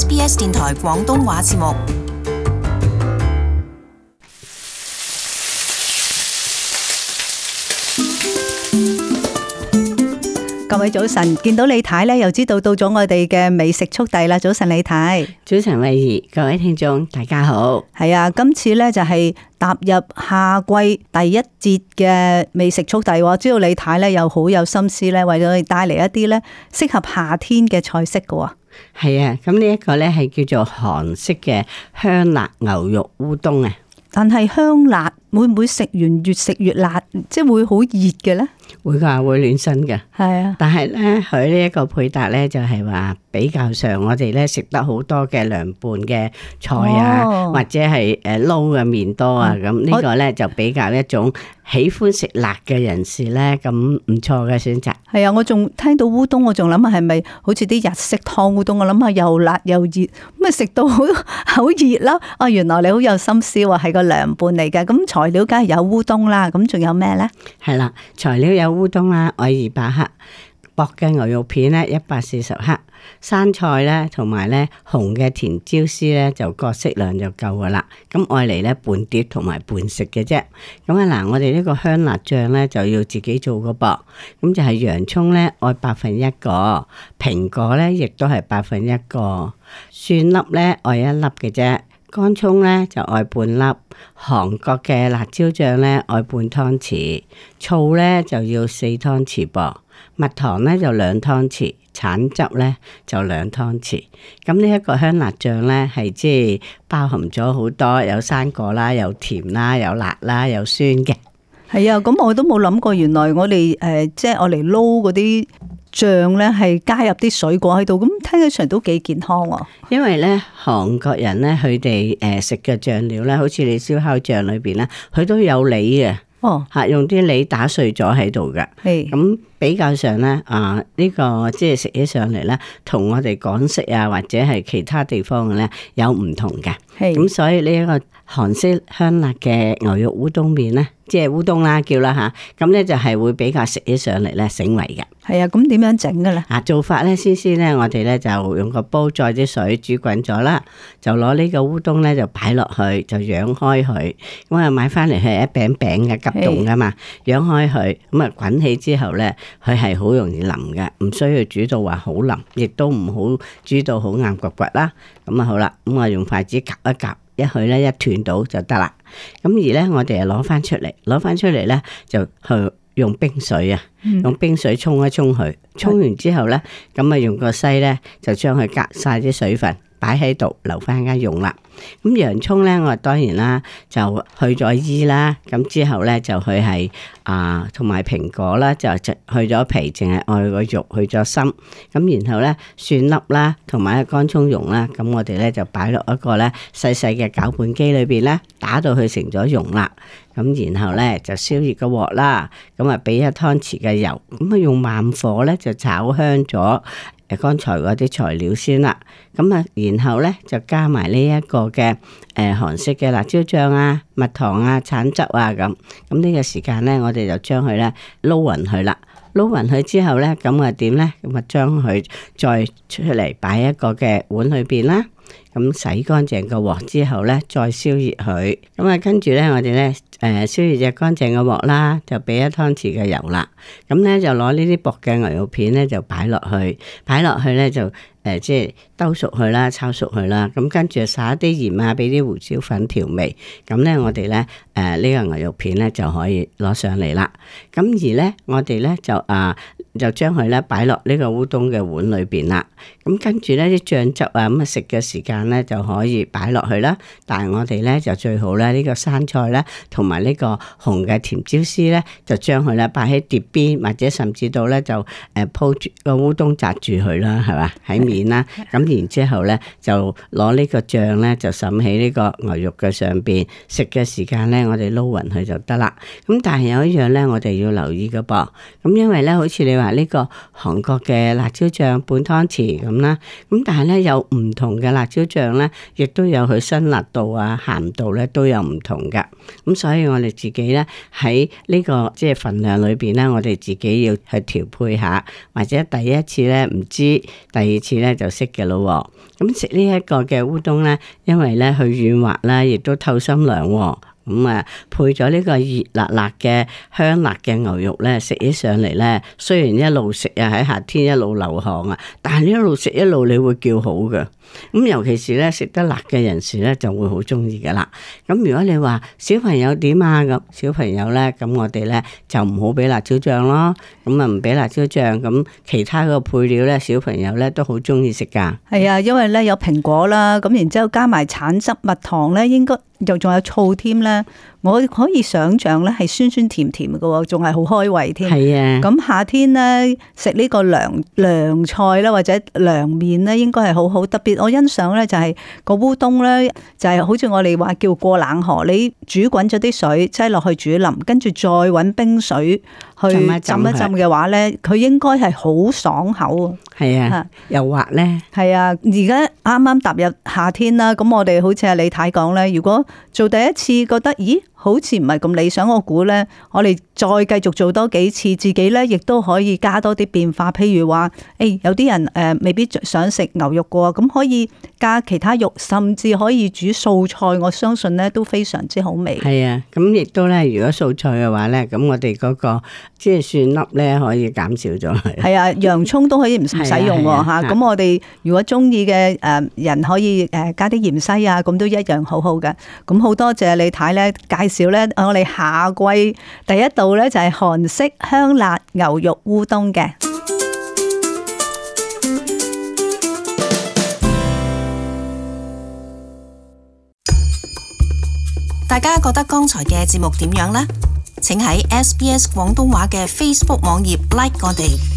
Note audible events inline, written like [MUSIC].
SBS 電台廣東話節目，各位早晨！見到李太咧，又知道到咗我哋嘅美食速遞啦。早晨李太，早晨惠儀，各位聽眾大家好。係啊，今次咧就係踏入夏季第一節嘅美食速遞。知道李太咧又好有心思咧，為咗帶嚟一啲咧適合夏天嘅菜式嘅。係啊，咁呢一個呢係叫做韓式嘅香辣牛肉烏冬啊，但係香辣。會唔會食完越食越辣，即係會好熱嘅咧？會噶，會暖身噶。係啊，但係咧佢呢一個配搭咧，就係話比較上我哋咧食得好多嘅涼拌嘅菜啊，哦、或者係誒撈嘅麵多啊，咁、嗯、呢個咧就比較一種喜歡食辣嘅人士咧，咁唔錯嘅選擇。係啊，我仲聽到烏冬，我仲諗下係咪好似啲日式湯烏冬，我諗下又辣又熱，咁咪食到 [LAUGHS] 好好熱囉。啊，原來你好有心思喎，係個涼拌嚟嘅，咁材料梗係有烏冬啦，咁仲有咩呢？係啦，材料有烏冬啦，我二百克薄嘅牛肉片咧，一百四十克生菜咧，同埋咧紅嘅甜椒絲咧，就各適量就夠噶啦。咁愛嚟咧半碟同埋半食嘅啫。咁啊嗱，我哋呢個香辣醬咧就要自己做噶噃。咁就係洋葱咧，愛百分一個，蘋果咧亦都係百分一個，蒜粒咧愛一粒嘅啫。乾蔥呢就要半粒，韓國嘅辣椒醬呢要半湯匙，醋呢就要四湯匙噃，蜜糖呢就兩湯匙，橙汁呢就兩湯匙。咁呢一個香辣醬呢，係即係包含咗好多，有生果啦，有甜啦，有辣啦，有酸嘅。係啊，咁我都冇諗過，原來我哋誒、呃，即係我哋撈嗰啲醬咧，係加入啲水果喺度，咁聽起上都幾健康喎，啊。因為咧，韓國人咧，佢哋誒食嘅醬料咧，好似你燒烤醬裏邊咧，佢都有梨嘅，哦，吓用啲梨打碎咗喺度嘅，係咁的比較上咧啊呢，呃這個即係食起上嚟咧，同我哋港式啊或者係其他地方嘅咧有唔同嘅，係咁的所以呢一個韓式香辣嘅牛肉烏冬麵咧。即係烏冬啦，叫啦吓，咁咧就係會比較食起上嚟咧醒胃嘅。係啊，咁點樣整噶咧？啊，做法咧，先先咧，我哋咧就用個煲載啲水煮滾咗啦，就攞呢個烏冬咧就擺落去，就養開佢。我係買翻嚟係一餅餅嘅急凍噶嘛，養是開佢，咁啊滾起之後咧，佢係好容易腍嘅，唔需要煮到話好腍，亦都唔好煮到硬軟軟軟好硬骨骨啦。咁啊好啦，咁我用筷子夾一夾。一去咧，一斷到就得啦。咁而咧，我哋又攞翻出嚟，攞翻出嚟咧就去用冰水啊，用冰水沖一沖佢，沖完之後咧，咁啊用個篩咧就將佢隔晒啲水分。擺喺度留翻間用啦。咁洋蔥咧，我當然啦就去咗衣啦。咁之後咧就佢係啊，同埋蘋果啦，就去咗皮，淨係愛個肉，去咗心。咁然後咧蒜粒啦，同埋乾蔥蓉啦。咁我哋咧就擺落一個咧細細嘅攪拌機裏邊咧，打到佢成咗蓉啦。咁然後咧就燒熱個鑊啦。咁啊，俾一湯匙嘅油。咁啊，用慢火咧就炒香咗。剛才嗰啲材料先啦，咁啊，然後咧就加埋呢一個嘅誒韓式嘅辣椒醬啊、蜜糖啊、橙汁啊咁，咁呢個時間咧，我哋就將佢咧撈匀佢啦，撈匀佢之後咧，咁啊點咧，咁啊將佢再出嚟擺一個嘅碗裏邊啦。咁洗乾淨個鑊之後咧，再燒熱佢。咁啊，跟住咧，我哋咧，誒、呃，燒熱隻乾淨嘅鑊啦，就俾一湯匙嘅油啦。咁咧就攞呢啲薄嘅牛肉片咧，就擺落去，擺落去咧就誒、呃，即係兜熟佢啦，炒熟佢啦。咁跟住灑啲鹽啊，俾啲胡椒粉調味。咁咧我哋咧，誒、呃，呢、這個牛肉片咧就可以攞上嚟啦。咁而咧，我哋咧就啊。呃就將佢咧擺落呢個烏冬嘅碗裏邊啦。咁跟住咧啲醬汁啊，咁啊，食嘅時間咧就可以擺落去啦。但係我哋咧就最好咧呢個生菜咧，同埋呢個紅嘅甜椒絲咧，就將佢咧擺喺碟邊，或者甚至到咧就誒鋪住個烏冬擲住佢啦，係嘛？喺面啦。咁 [LAUGHS] 然之後咧就攞呢個醬咧就滲喺呢個牛肉嘅上邊。食嘅時間咧，我哋撈勻佢就得啦。咁但係有一樣咧，我哋要留意嘅噃。咁因為咧，好似你啊！呢個韓國嘅辣椒醬半湯匙咁啦，咁但係咧有唔同嘅辣椒醬咧，亦都有佢辛辣度啊、鹹度咧都有唔同噶。咁所以我哋自己咧喺呢個即係份量裏邊咧，我哋自己要去調配下，或者第一次咧唔知，第二次咧就識嘅咯喎。咁食呢一個嘅烏冬咧，因為咧佢軟滑啦，亦都透心涼喎。咁啊、嗯，配咗呢個熱辣辣嘅香辣嘅牛肉咧，食起上嚟咧，雖然一路食啊喺夏天一路流汗啊，但係你一路食一路你會叫好嘅。咁、嗯、尤其是咧食得辣嘅人士咧，就會好中意噶啦。咁、嗯、如果你話小朋友點啊咁，小朋友咧咁我哋咧就唔好俾辣椒醬咯。咁啊唔俾辣椒醬，咁其他嗰個配料咧，小朋友咧都好中意食噶。係啊，因為咧有蘋果啦，咁然之後加埋橙汁、蜜糖咧，應該。就仲有醋添咧～我可以想象咧，係酸酸甜甜嘅喎，仲係好開胃添。係啊！咁夏天咧，食呢個涼涼菜啦，或者涼麵咧，應該係好好。特別我欣賞咧，就係個烏冬咧，就係好似我哋話叫過冷河，你煮滾咗啲水，擠落去煮腍，跟住再揾冰水去浸一浸嘅話咧，佢應該係好爽口。係啊，又滑咧。係啊！而家啱啱踏入夏天啦，咁我哋好似阿李太講咧，如果做第一次覺得，咦？好似唔係咁理想，我估咧，我哋。再繼續做多幾次，自己咧亦都可以加多啲變化。譬如話，誒有啲人誒未必想食牛肉嘅喎，咁可以加其他肉，甚至可以煮素菜。我相信咧都非常之好味。係啊，咁亦都咧，如果素菜嘅話咧，咁我哋嗰個即係蒜粒咧可以減少咗。係啊，洋葱都可以唔使用喎嚇。咁我哋如果中意嘅誒人可以誒加啲芫茜啊，咁都一樣好好嘅。咁好多謝李太咧介紹咧，我哋夏季第一道咧就係韓式香辣牛肉烏冬嘅。大家覺得剛才嘅節目點樣呢？請喺 SBS 廣東話嘅 Facebook 網頁 like 我哋。